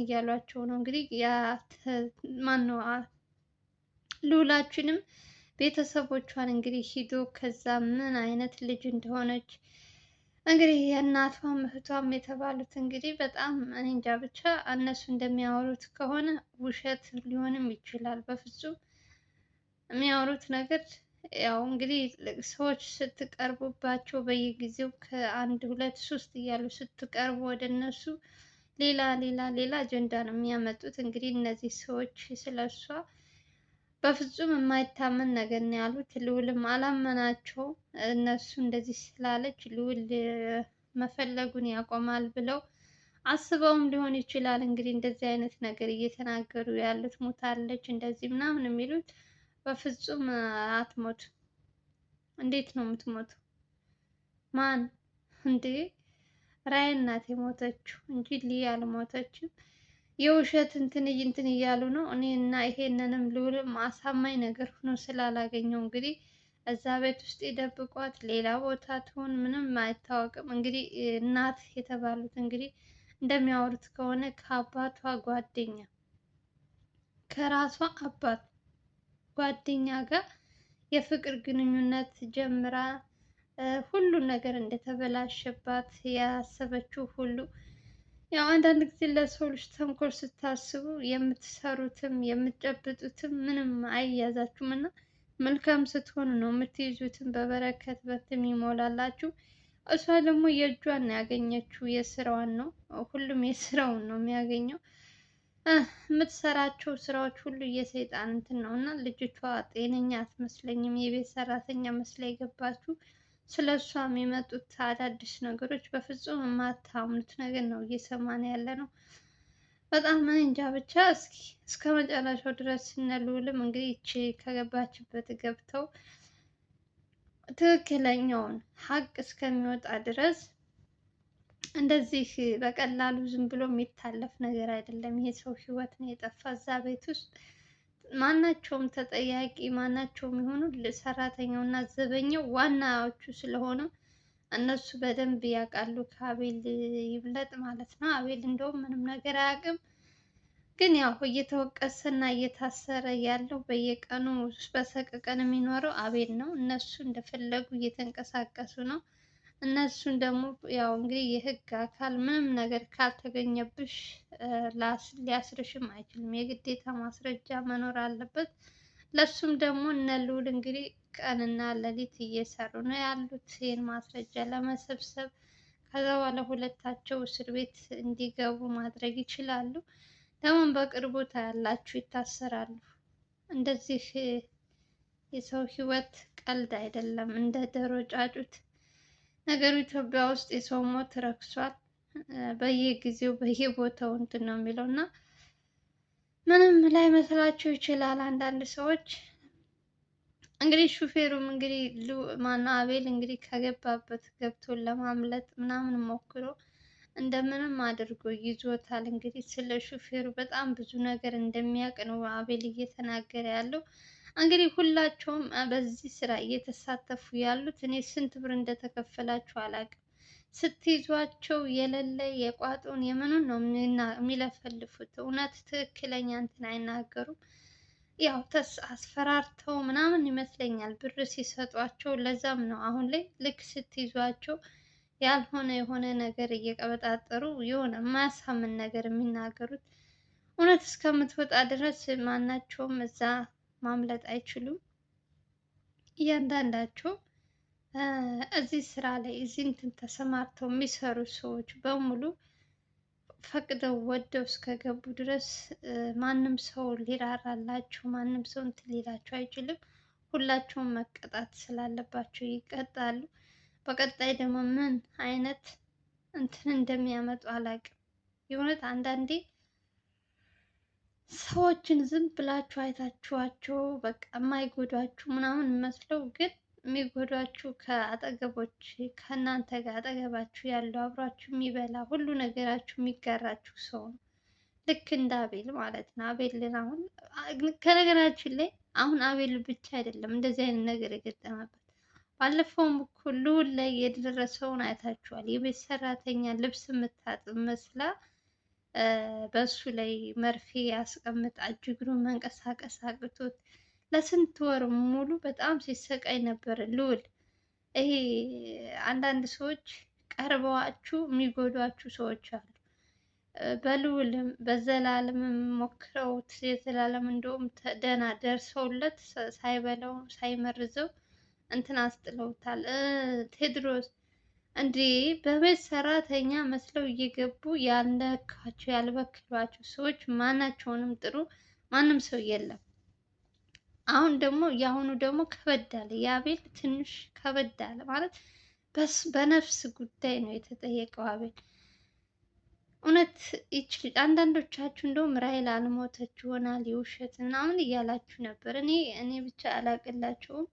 እያሏቸው ነው እንግዲህ ማን ነው ልውላችንም ቤተሰቦቿን እንግዲህ ሂዶ ከዛ ምን አይነት ልጅ እንደሆነች እንግዲህ የእናቷም እህቷም የተባሉት እንግዲህ በጣም እኔ እንጃ ብቻ እነሱ እንደሚያወሩት ከሆነ ውሸት ሊሆንም ይችላል። በፍጹም የሚያወሩት ነገር ያው እንግዲህ ሰዎች ስትቀርቡባቸው በየጊዜው ከአንድ ሁለት ሶስት እያሉ ስትቀርቡ ወደ እነሱ ሌላ ሌላ ሌላ አጀንዳ ነው የሚያመጡት። እንግዲህ እነዚህ ሰዎች ስለ እሷ በፍጹም የማይታመን ነገር ነው ያሉት። ልዑልም አላመናቸው እነሱ እንደዚህ ስላለች ልዑል መፈለጉን ያቆማል ብለው አስበውም ሊሆን ይችላል። እንግዲህ እንደዚህ አይነት ነገር እየተናገሩ ያሉት ሞታለች፣ እንደዚህ ምናምን የሚሉት በፍጹም አትሞቱ። እንዴት ነው የምትሞቱ? ማን እንዴ ራያ ናት የሞተችው እንጂ ሊያ አልሞተችም። የውሸት እንትን እንትን እያሉ ነው። እኔ እና ይሄንንም ልውል አሳማኝ ነገር ሆኖ ስላላገኘው እንግዲህ እዛ ቤት ውስጥ ይደብቋት፣ ሌላ ቦታ ትሆን ምንም አይታወቅም። እንግዲህ እናት የተባሉት እንግዲህ እንደሚያወሩት ከሆነ ከአባቷ ጓደኛ ከራሷ አባት ጓደኛ ጋር የፍቅር ግንኙነት ጀምራ ሁሉን ነገር እንደተበላሸባት ያሰበችው ሁሉ ያው አንዳንድ ጊዜ ለሰው ልጅ ተንኮል ስታስቡ የምትሰሩትም የምትጨብጡትም ምንም አይያዛችሁም እና መልካም ስትሆኑ ነው የምትይዙትም በበረከት በትም ይሞላላችሁ። እሷ ደግሞ የእጇን ያገኘችው፣ የስራዋን ነው። ሁሉም የስራውን ነው የሚያገኘው። የምትሰራቸው ስራዎች ሁሉ የሰይጣን እንትን ነው እና ልጅቷ ጤነኛ አትመስለኝም። የቤት ሰራተኛ መስላ የገባችው ስለ እሷ የሚመጡት አዳዲስ ነገሮች በፍጹም የማታምኑት ነገር ነው እየሰማን ያለ ነው። በጣም እንጃ ብቻ እስኪ እስከ መጨረሻው ድረስ እነ እንግዲህ ይቺ ከገባችበት ገብተው ትክክለኛውን ሀቅ እስከሚወጣ ድረስ እንደዚህ በቀላሉ ዝም ብሎ የሚታለፍ ነገር አይደለም። ይሄ ሰው ህይወት ነው የጠፋ እዛ ቤት ውስጥ ማናቸውም ተጠያቂ ማናቸውም የሆኑ ሰራተኛው እና ዘበኛው ዋናዎቹ ስለሆኑ እነሱ በደንብ ያውቃሉ። ከአቤል ይብለጥ ማለት ነው። አቤል እንደውም ምንም ነገር አያውቅም። ግን ያው እየተወቀሰ እና እየታሰረ ያለው በየቀኑ በሰቀቀን የሚኖረው አቤል ነው። እነሱ እንደፈለጉ እየተንቀሳቀሱ ነው። እነሱን ደግሞ ያው እንግዲህ የህግ አካል ምንም ነገር ካልተገኘብሽ ሊያስርሽም አይችልም። የግዴታ ማስረጃ መኖር አለበት። ለሱም ደግሞ እነ ልዑል እንግዲህ ቀንና ሌሊት እየሰሩ ነው ያሉት ይህን ማስረጃ ለመሰብሰብ። ከዛ በኋላ ሁለታቸው እስር ቤት እንዲገቡ ማድረግ ይችላሉ። ደግሞ በቅርቡ ታያላችሁ፣ ይታሰራሉ። እንደዚህ የሰው ህይወት ቀልድ አይደለም። እንደ ደሮ ጫጩት ነገሩ ኢትዮጵያ ውስጥ የሰው ሞት ረክሷል። በየጊዜው በየቦታው እንትን ነው የሚለው እና ምንም መስላቸው ይችላል አንዳንድ ሰዎች እንግዲህ ሹፌሩም እንግዲህ ማና አቤል እንግዲህ ከገባበት ገብቶ ለማምለጥ ምናምን ሞክሮ እንደምንም አድርጎ ይዞታል። እንግዲህ ስለ ሹፌሩ በጣም ብዙ ነገር እንደሚያውቅ ነው አቤል እየተናገረ ያለው። እንግዲህ ሁላቸውም በዚህ ስራ እየተሳተፉ ያሉት እኔ ስንት ብር እንደተከፈላችሁ አላውቅም። ስትይዟቸው የሌለ የቋጡን የምኑን ነው የሚለፈልፉት። እውነት ትክክለኛ እንትን አይናገሩም። ያው ተስ አስፈራርተው ምናምን ይመስለኛል ብር ሲሰጧቸው። ለዛም ነው አሁን ላይ ልክ ስትይዟቸው ያልሆነ የሆነ ነገር እየቀበጣጠሩ የሆነ የማያሳምን ነገር የሚናገሩት። እውነት እስከምትወጣ ድረስ ማናቸውም እዛ ማምለጥ አይችሉም። እያንዳንዳቸው እዚህ ስራ ላይ እዚህ እንትን ተሰማርተው የሚሰሩ ሰዎች በሙሉ ፈቅደው ወደው እስከገቡ ድረስ ማንም ሰው ሊራራላቸው፣ ማንም ሰው እንትን ሊላቸው አይችልም። ሁላቸውም መቀጣት ስላለባቸው ይቀጣሉ። በቀጣይ ደግሞ ምን አይነት እንትን እንደሚያመጡ አላውቅም። የእውነት አንዳንዴ ሰዎችን ዝም ብላችሁ አይታችኋቸው በቃ የማይጎዷችሁ ምናምን መስለው ግን የሚጎዷችሁ ከአጠገቦች ከእናንተ ጋር አጠገባችሁ ያለው አብሯችሁ የሚበላ ሁሉ ነገራችሁ የሚጋራችሁ ሰው ነው። ልክ እንደ አቤል ማለት ነው። አቤልን አሁን ከነገራችን ላይ አሁን አቤል ብቻ አይደለም እንደዚህ አይነት ነገር የገጠመበት። ባለፈውም እኮ ልውል ላይ የደረሰውን አይታችኋል። የቤት ሰራተኛ ልብስ የምታጥብ መስላ በሱ ላይ መርፌ ያስቀምጣ እግሩን መንቀሳቀስ አቅቶት ለስንት ወር ሙሉ በጣም ሲሰቃይ ነበር ልዑል። ይሄ አንዳንድ ሰዎች ቀርበዋችሁ የሚጎዷችሁ ሰዎች አሉ። በልዑልም በዘላለምም ሞክረውት የዘላለም እንደውም ደህና ደርሰውለት ሳይበላው ሳይመርዘው እንትን አስጥለውታል። ቴድሮስ እንዴ በቤት ሰራተኛ መስለው እየገቡ ያልነካቸው ያልበከሏቸው ሰዎች ማናቸውንም ጥሩ ማንም ሰው የለም። አሁን ደግሞ የአሁኑ ደግሞ ከበድ አለ። የአቤል ትንሽ ከበድ አለ ማለት በነፍስ ጉዳይ ነው የተጠየቀው አቤል። እውነት ይች ልጅ አንዳንዶቻችሁ እንደውም ራይል አልሞተች ይሆናል የውሸት ምናምን እያላችሁ ነበር። እኔ እኔ ብቻ አላቅላቸውም።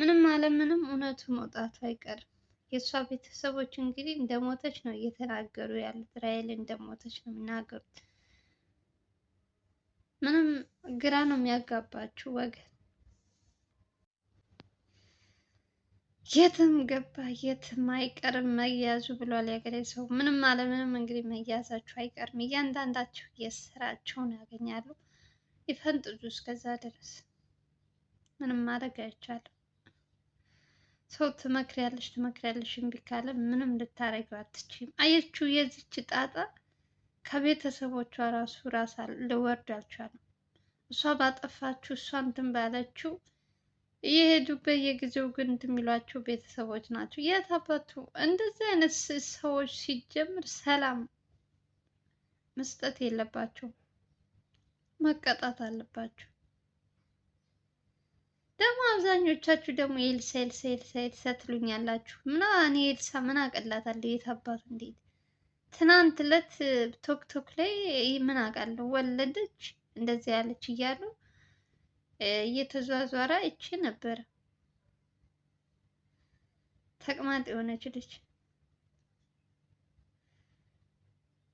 ምንም አለምንም እውነቱ መውጣቱ አይቀርም። የእሷ ቤተሰቦች እንግዲህ እንደሞተች ነው እየተናገሩ ያሉት። ራሔል እንደሞተች ነው የሚናገሩት። ምንም ግራ ነው የሚያጋባችሁ ወገን። የትም ገባ የትም አይቀርም መያዙ ብሏል ያገሬ ሰው። ምንም አለምንም እንግዲህ መያዛችሁ አይቀርም። እያንዳንዳችሁ የስራቸውን ያገኛሉ። ይፈንጥዙ እስከዛ ድረስ ምንም ማድረግ አይቻልም። ሰው ትመክሪያለሽ ትመክሪያለሽ እምቢ ካለ ምንም ልታረጊው አትችይም። አየችው የዚች ጣጣ ከቤተሰቦቿ ራሱ ራሳ ልወርድ አልቻለም። እሷ ባጠፋችው እሷ እንትን ባለችው እየሄዱ በየጊዜው ግን እንትን የሚሏቸው ቤተሰቦች ናቸው። የት አባቱ እንደዚህ አይነት ሰዎች ሲጀምር ሰላም መስጠት የለባቸውም፣ መቀጣት አለባቸው። ደግሞ አብዛኞቻችሁ ደግሞ ኤልሳ ኤልሳ ኤልሳ ኤልሳ ትሉኛላችሁ። ምና እኔ ኤልሳ ምን አቀላታለሁ? የት አባቱ እንዴት ትናንት ዕለት ቶክቶክ ላይ ምን አውቃለሁ ወለደች እንደዚህ ያለች እያሉ እየተዟዟረ እቺ ነበረ ተቅማጥ የሆነች ልጅ።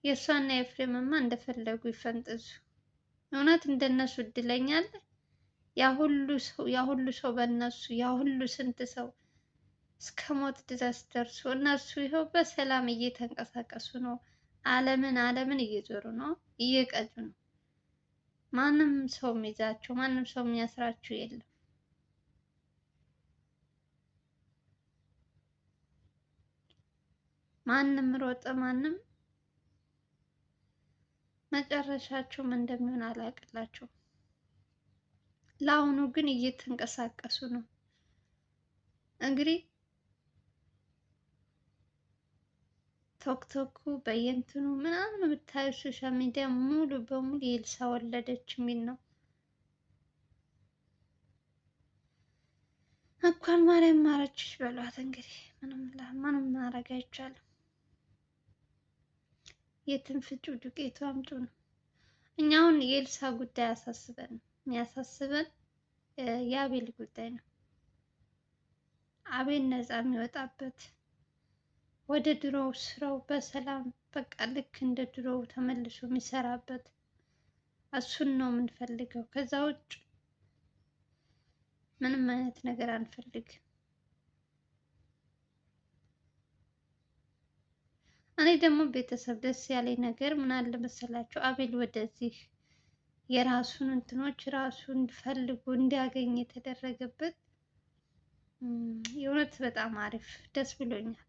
የእሷና የፍሬምማ እንደፈለጉ ይፈንጥዙ። እውነት እንደነሱ እድለኛለን ያሁሉ ሰው ያሁሉ ሰው በእነሱ ያሁሉ ስንት ሰው እስከ ሞት ድረስ ደርሶ እነሱ ይኸው በሰላም እየተንቀሳቀሱ ነው። ዓለምን ዓለምን እየዞሩ ነው፣ እየቀጩ ነው። ማንም ሰው የሚይዛቸው ማንም ሰው የሚያስራቸው የለም። ማንም ሮጠ ማንም መጨረሻቸው እንደሚሆን አላውቅላቸውም። ለአሁኑ ግን እየተንቀሳቀሱ ነው። እንግዲህ ቶክቶኩ በየንትኑ ምናምን የምታዩ ሶሻል ሚዲያ ሙሉ በሙሉ የልሳ ወለደች የሚል ነው። እንኳን ማርያም ማረችሽ በሏት። እንግዲህ ምንም ማድረግ አይቻልም። የትንፍጩ ዱቄቱ አምጡ ነው። እኛ አሁን የልሳ ጉዳይ አሳስበን ነው የሚያሳስበን የአቤል ጉዳይ ነው። አቤል ነፃ የሚወጣበት ወደ ድሮው ስራው በሰላም በቃ ልክ እንደ ድሮው ተመልሶ የሚሰራበት እሱን ነው የምንፈልገው። ከዛ ውጭ ምንም አይነት ነገር አንፈልግም። እኔ ደግሞ ቤተሰብ ደስ ያለኝ ነገር ምን አለ መሰላችሁ አቤል ወደዚህ የራሱን እንትኖች ራሱ ፈልጎ እንዲያገኝ የተደረገበት የእውነት በጣም አሪፍ ደስ ብሎኛል።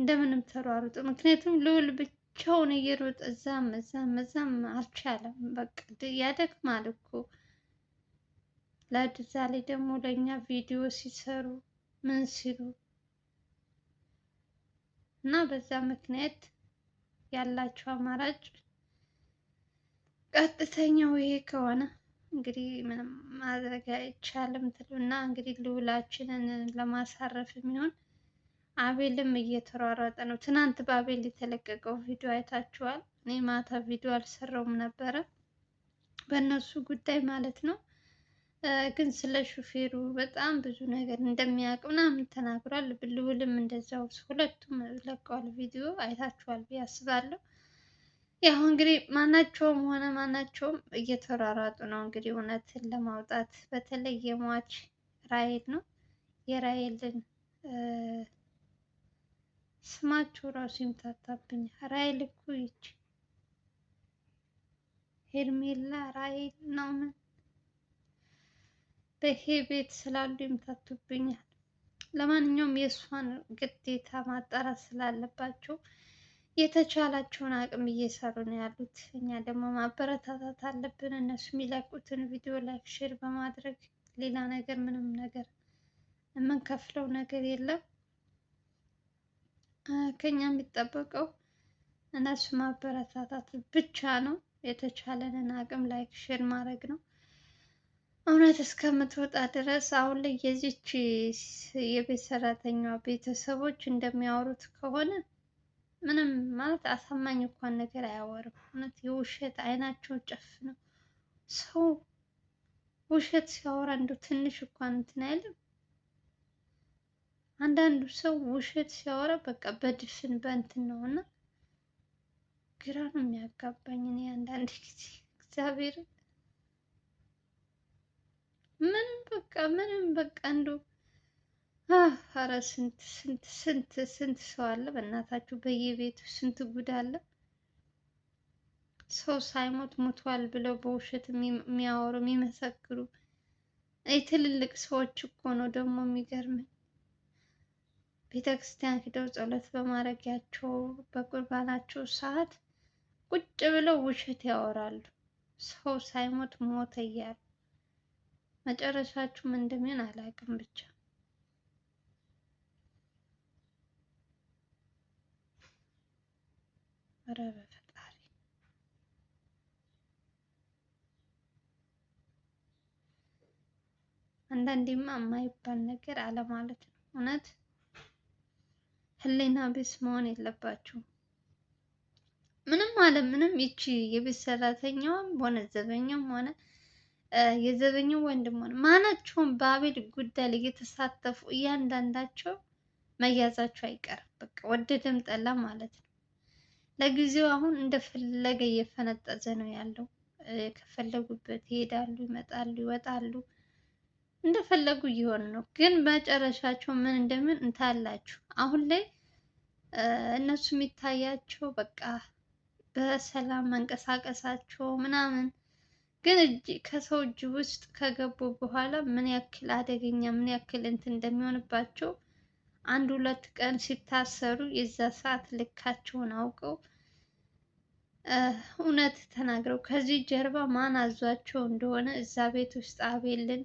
እንደምንም ተሯሩጡ። ምክንያቱም ልዑል ብቻውን እየሮጠ እዛም እዛም እዛም አልቻለም። በቃ ያደክማል እኮ ለዛ ላይ ደግሞ ለእኛ ቪዲዮ ሲሰሩ ምን ሲሉ እና በዛ ምክንያት ያላቸው አማራጭ ቀጥተኛው ይሄ ከሆነ እንግዲህ ምንም ማድረግ አይቻልም ትሉ እና እንግዲህ ልዑላችንን ለማሳረፍ የሚሆን አቤልም እየተሯሯጠ ነው። ትናንት በአቤል የተለቀቀው ቪዲዮ አይታችኋል። እኔ ማታ ቪዲዮ አልሰራውም ነበረ በእነሱ ጉዳይ ማለት ነው። ግን ስለ ሹፌሩ በጣም ብዙ ነገር እንደሚያውቅ ምናምን ተናግሯል። ልዑልም እንደዛው ሁለቱም ለቀዋል ቪዲዮ አይታችኋል ብዬ አስባለሁ። ያው እንግዲህ ማናቸውም ሆነ ማናቸውም እየተራራጡ ነው። እንግዲህ እውነትን ለማውጣት በተለይ የሟች ራሔል ነው የራሔልን ስማችሁ ራሱ ይምታታብኝ ራሔል እኮ ይች ሄርሜላ ራሔል ነው ምን በሄ ቤት ስላሉ ይምታቱብኛል። ለማንኛውም የእሷን ግዴታ ማጣራት ስላለባቸው የተቻላቸውን አቅም እየሰሩ ነው ያሉት። እኛ ደግሞ ማበረታታት አለብን። እነሱ የሚለቁትን ቪዲዮ ላይክ፣ ሼር በማድረግ ሌላ ነገር ምንም ነገር የምንከፍለው ነገር የለም። ከኛ የሚጠበቀው እነሱ ማበረታታት ብቻ ነው። የተቻለንን አቅም ላይክ፣ ሼር ማድረግ ነው። እውነት እስከምትወጣ ድረስ አሁን ላይ የዚች የቤት ሰራተኛ ቤተሰቦች እንደሚያወሩት ከሆነ ምንም ማለት አሳማኝ እንኳን ነገር አያወርም። እውነት የውሸት ጨፍ ጨፍነው ሰው ውሸት ሲያወራ እንደው ትንሽ እንኳን እንትን አይልም። አንዳንዱ ሰው ውሸት ሲያወራ በቃ በድፍን በእንትን ነው እና ግራ ነው የሚያጋባኝ እኔ አንዳንድ ጊዜ እግዚአብሔር ምንም በቃ ምንም በቃ እንደው ኧረ ስንት ስንት ስንት ስንት ሰው አለ በእናታችሁ በየቤቱ ስንት ጉድ አለ። ሰው ሳይሞት ሙቷል ብለው በውሸት የሚያወሩ የሚመሰክሩ የትልልቅ ሰዎች እኮ ነው ደግሞ የሚገርመኝ። ቤተ ክርስቲያን ሂደው ጸሎት በማድረጊያቸው በቁርባናቸው ሰዓት ቁጭ ብለው ውሸት ያወራሉ። ሰው ሳይሞት ሞተ እያሉ መጨረሻችሁም እንደሚሆን አላውቅም ብቻ ኧረ በፈጣሪ አንዳንዴማ የማይባል ነገር አለማለት ነው። እውነት ህሊና ቢስ መሆን የለባችሁም። ምንም አለ ምንም ይቺ የቤት ሰራተኛዋም ሆነ ዘበኛም ሆነ የዘበኛው ወንድም ሆነ ማናቸውም በአቤል ጉዳይ ላይ እየተሳተፉ እያንዳንዳቸው መያዛቸው አይቀርም። በቃ ወደደም ጠላ ማለት ነው። ለጊዜው አሁን እንደፈለገ እየፈነጠዘ ነው ያለው። ከፈለጉበት ይሄዳሉ፣ ይመጣሉ፣ ይወጣሉ፣ እንደፈለጉ እየሆኑ ነው። ግን መጨረሻቸው ምን እንደምን እንታላችሁ። አሁን ላይ እነሱ የሚታያቸው በቃ በሰላም መንቀሳቀሳቸው ምናምን ግን እጅ ከሰው እጅ ውስጥ ከገቡ በኋላ ምን ያክል አደገኛ ምን ያክል እንትን እንደሚሆንባቸው አንድ ሁለት ቀን ሲታሰሩ የዛ ሰዓት ልካቸውን አውቀው እውነት ተናግረው ከዚህ ጀርባ ማን አዟቸው እንደሆነ እዛ ቤት ውስጥ አቤልን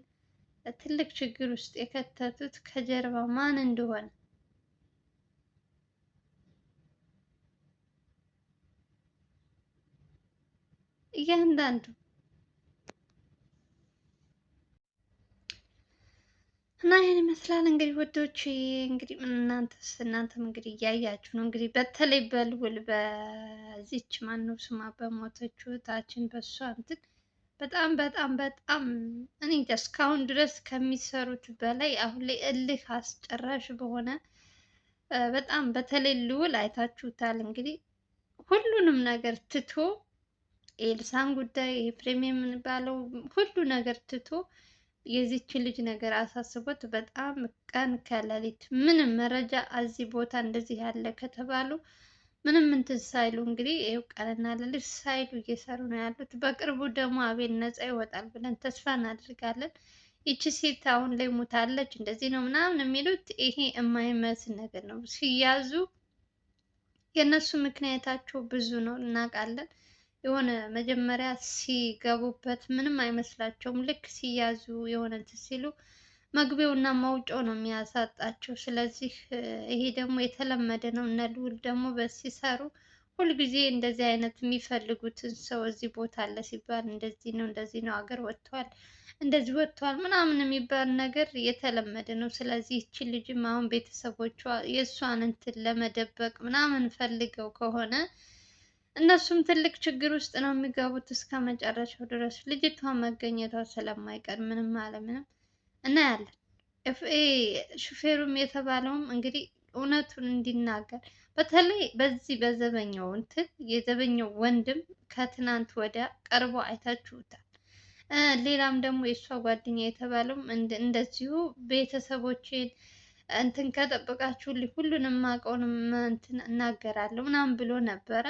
ትልቅ ችግር ውስጥ የከተቱት ከጀርባ ማን እንደሆነ እያንዳንዱ እና ይህን ይመስላል እንግዲህ ውዶች፣ እንግዲህ እናንተስ እናንተም እንግዲህ እያያችሁ ነው። እንግዲህ በተለይ በልውል በዚች ማነው ስማ በሞተች እህታችን በሷ እንትን በጣም በጣም በጣም እኔ እንጃ እስካሁን ድረስ ከሚሰሩት በላይ አሁን ላይ እልህ አስጨራሽ በሆነ በጣም በተለይ ልውል አይታችሁታል። እንግዲህ ሁሉንም ነገር ትቶ ኤልሳን ጉዳይ የፕሬሚየም የምንባለው ሁሉ ነገር ትቶ የዚችን ልጅ ነገር አሳስቦት በጣም ቀን ከሌሊት ምንም መረጃ እዚህ ቦታ እንደዚህ ያለ ከተባሉ ምንም እንትን ሳይሉ እንግዲህ ይኸው ቀንና ሌሊት ሳይሉ እየሰሩ ነው ያሉት። በቅርቡ ደግሞ አቤል ነጻ ይወጣል ብለን ተስፋ እናደርጋለን። ይቺ ሴት አሁን ላይ ሞታለች እንደዚህ ነው ምናምን የሚሉት ይሄ የማይመስል ነገር ነው። ሲያዙ የእነሱ ምክንያታቸው ብዙ ነው እናውቃለን። የሆነ መጀመሪያ ሲገቡበት ምንም አይመስላቸውም። ልክ ሲያዙ የሆነ እንትን ሲሉ መግቢያው እና ማውጫው ነው የሚያሳጣቸው። ስለዚህ ይሄ ደግሞ የተለመደ ነው። እነ ልዑል ደግሞ በሲሰሩ ሁልጊዜ እንደዚህ አይነት የሚፈልጉትን ሰው እዚህ ቦታ አለ ሲባል እንደዚህ ነው እንደዚህ ነው አገር ወጥቷል እንደዚህ ወጥቷል ምናምን የሚባል ነገር የተለመደ ነው። ስለዚህ ይቺ ልጅም አሁን ቤተሰቦቿ የእሷን እንትን ለመደበቅ ምናምን ፈልገው ከሆነ እነሱም ትልቅ ችግር ውስጥ ነው የሚገቡት እስከ መጨረሻው ድረስ። ልጅቷ መገኘቷ ስለማይቀር ምንም አለ ምንም እናያለን። ሹፌሩም የተባለውም እንግዲህ እውነቱን እንዲናገር በተለይ በዚህ በዘበኛው እንትን የዘበኛው ወንድም ከትናንት ወዲያ ቀርቦ አይታችሁታል። ሌላም ደግሞ የእሷ ጓደኛ የተባለውም እንደዚሁ ቤተሰቦቼን እንትን ከጠበቃችሁልኝ ሁሉንም አውቀውን እንትን እናገራለሁ ምናምን ብሎ ነበረ።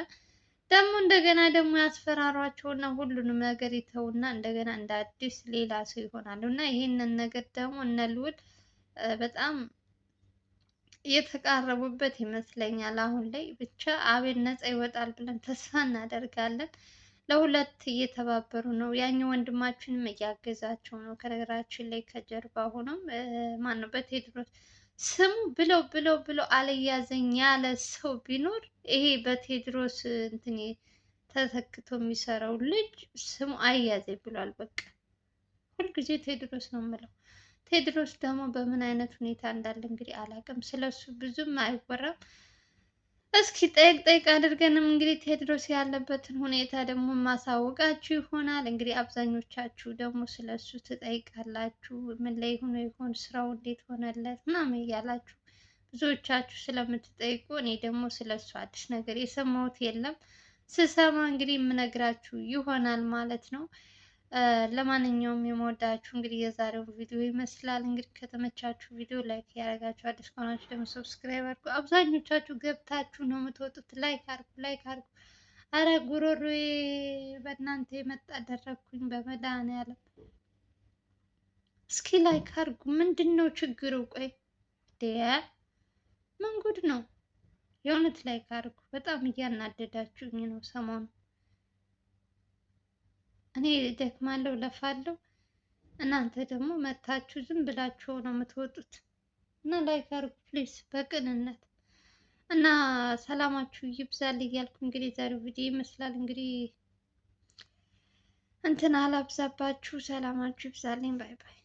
ደግሞ እንደገና ደግሞ ያስፈራሯቸውና ሁሉንም ነገር ይተውና እንደገና እንደ አዲስ ሌላ ሰው ይሆናሉ። እና ይህንን ነገር ደግሞ እነ ልዑል በጣም እየተቃረቡበት ይመስለኛል። አሁን ላይ ብቻ አቤል ነፃ ይወጣል ብለን ተስፋ እናደርጋለን። ለሁለት እየተባበሩ ነው። ያኛው ወንድማችንም እያገዛቸው ነው። ከነገራችን ላይ ከጀርባ ሆኖም ማነው በቴድሮስ ስሙ ብለው ብለው ብሎ አልያዘኝ ያለ ሰው ቢኖር ይሄ በቴድሮስ እንትን ተተክቶ የሚሰራው ልጅ ስሙ አያዘኝ ብሏል። በቃ ሁልጊዜ ቴድሮስ ነው የምለው። ቴድሮስ ደግሞ በምን አይነት ሁኔታ እንዳለ እንግዲህ አላውቅም። ስለሱ ብዙም አይወራም። እስኪ ጠይቅ ጠይቅ አድርገንም እንግዲህ ቴድሮስ ያለበትን ሁኔታ ደግሞ ማሳወቃችሁ ይሆናል። እንግዲህ አብዛኞቻችሁ ደግሞ ስለሱ ትጠይቃላችሁ። ምን ላይ ሆኖ ይሆን ስራው እንዴት ሆነለት ምናምን እያላችሁ ብዙዎቻችሁ ስለምትጠይቁ እኔ ደግሞ ስለሱ አዲስ ነገር የሰማሁት የለም። ስሰማ እንግዲህ የምነግራችሁ ይሆናል ማለት ነው። ለማንኛውም የመወዳችሁ እንግዲህ የዛሬውን ቪዲዮ ይመስላል። እንግዲህ ከተመቻችሁ ቪዲዮ ላይክ ያደረጋችሁ፣ አዲስ ከሆናችሁ ደግሞ ሰብስክራይብ አድርጉ። አብዛኞቻችሁ ገብታችሁ ነው የምትወጡት። ላይክ አድርጉ፣ ላይክ አድርጉ። አረ ጉሮሮዬ በእናንተ የመጣ ደረግኩኝ በመድኃኒዓለም። እስኪ ላይክ አድርጉ። ምንድን ነው ችግሩ? ቆይ ምን ጉድ ነው? የእውነት ላይክ አድርጉ። በጣም እያናደዳችሁኝ ነው ሰሞኑን እኔ ደክማለሁ፣ ለፋለሁ። እናንተ ደግሞ መታችሁ ዝም ብላችሁ ነው የምትወጡት። እና ላይክ አድርጉ ፕሊዝ በቅንነት እና ሰላማችሁ ይብዛል እያልኩ እንግዲህ ዛሬው ቪዲዮ ይመስላል እንግዲህ እንትን አላብዛባችሁ። ሰላማችሁ ይብዛልኝ። ባይ ባይ።